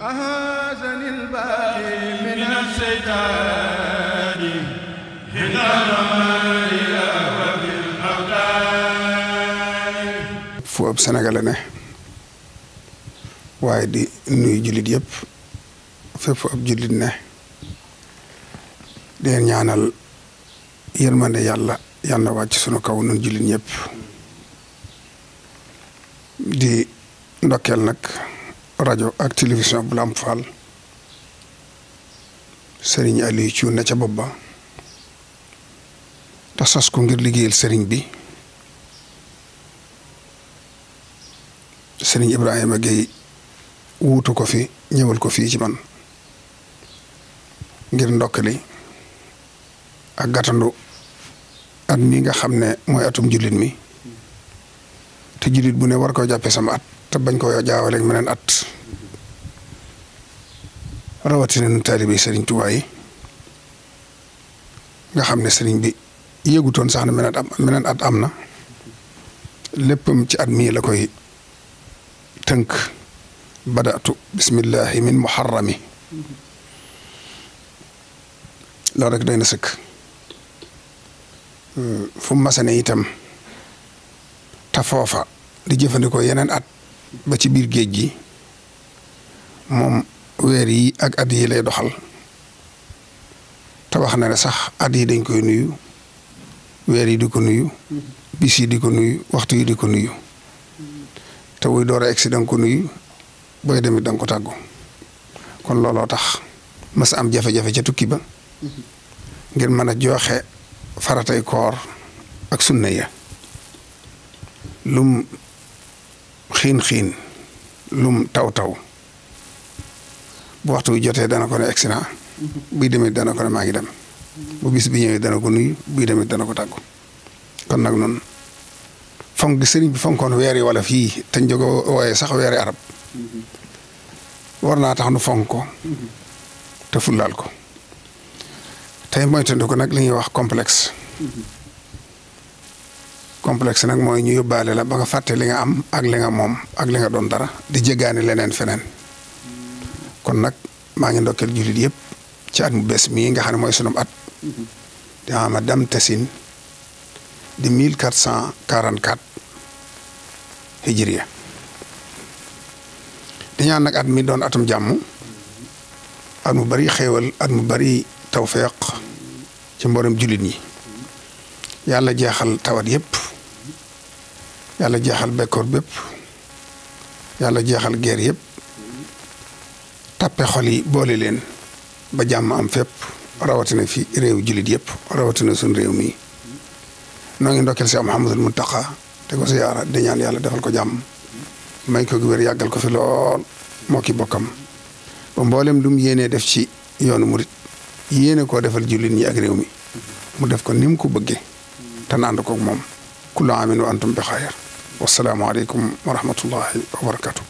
أهازني الباقي من السيطان حين رماني وفي الأوطان fu ab Sénégal la ne waaye di nuyu jullit yëpp fépp fu ab jullit ne deen ñaanal yërmande yàlla yàlla wàcc sunu kaw nun jullit ñëpp di ndokkeel nag rajo ak télévision bu Lamp Fall Serigne Aliou Thioune na ca bopp ba te sas ko ngir liggéeyal sëriñ bi Serigne Ibrahima Gueye wuutu ko fi ñëwal ko fii ci man ngir ndokkali ak gàttandu at mi nga xam ne mooy atum jullit mi te jullit bu ne war koo jàppee sama at. te bañ a jaawale ak meneen at rawatina nu taalibe sëriñ Tuubaa nga xam ne sëriñ bi yëgutoon sax ne meneen at meneen at am na léppam ci at mii la koy tënk badatu bismillahi min muharrami loolu rek doy na sëkk fu mu masane itam te foofa di jëfandikoo yeneen at ba ci biir géej gi moom weer yi ak at yi lay doxal te wax na ne sax at yi dañ koy nuyu weer yi di ko nuyu bis yi di ko nuyu waxtu yi di ko nuyu te wuy door a egsi da nga ko nuyu booy demit da ko tàggu kon looloo tax sa am jafe-jafe ca tukki ba ngir mën a joxe faratay koor ak sunna ya lum xiin-xiin lum taw-taw bu waxtu jotee dana ko ne accident buy demee dana ko ne maa ngi dem bu bis bi ñëwee dana ko nuyu buy demee dana ko tàggu kon nag noonu fonk gi sëriñ bi fonkoon weer yi fii te ñu ko wooyee sax weeri arab war naa tax nu fonk ko te fullaal ko tey moytandiku nag li ñuy wax complex complexe nag mooy ñu yóbbaale la ba nga fàtte li nga am ak li nga moom ak li nga doon dara di jéggaani leneen feneen kon nag maa ngi ndokkeel jullit yëpp ci at mu bees mii nga xam ne mooy sunum at di Amadou Tassine di mille quatre cent quarante quatre hijriya di ñaan nag at mi doon atum jàmm at mu bari xéewal at mu bari taw tawféex ci mboolem jullit ñi yàlla jeexal tawat yëpp yàlla jeexal bekkoor bépp yàlla jeexal geer yëpp tappe xol yi boole leen ba jàmm am fépp rawatina fi réew jullit yëpp rawatina sun réew mi noo ngi ndokkeel Cheikh mu Mountakha te ko siyaara di ñaan yàlla defal ko jàmm may ko wér yàggal ko fi lool moo ki bokkam ba mboolem lu mu def ci yoonu murit yéene koo defal jullit ñi ak réew mi mu def ko ni ko bëggee te nand koog moom kullu aamin wa antum bi xayr wassalaamu aleykum wa rahmatullahi wa barakatuh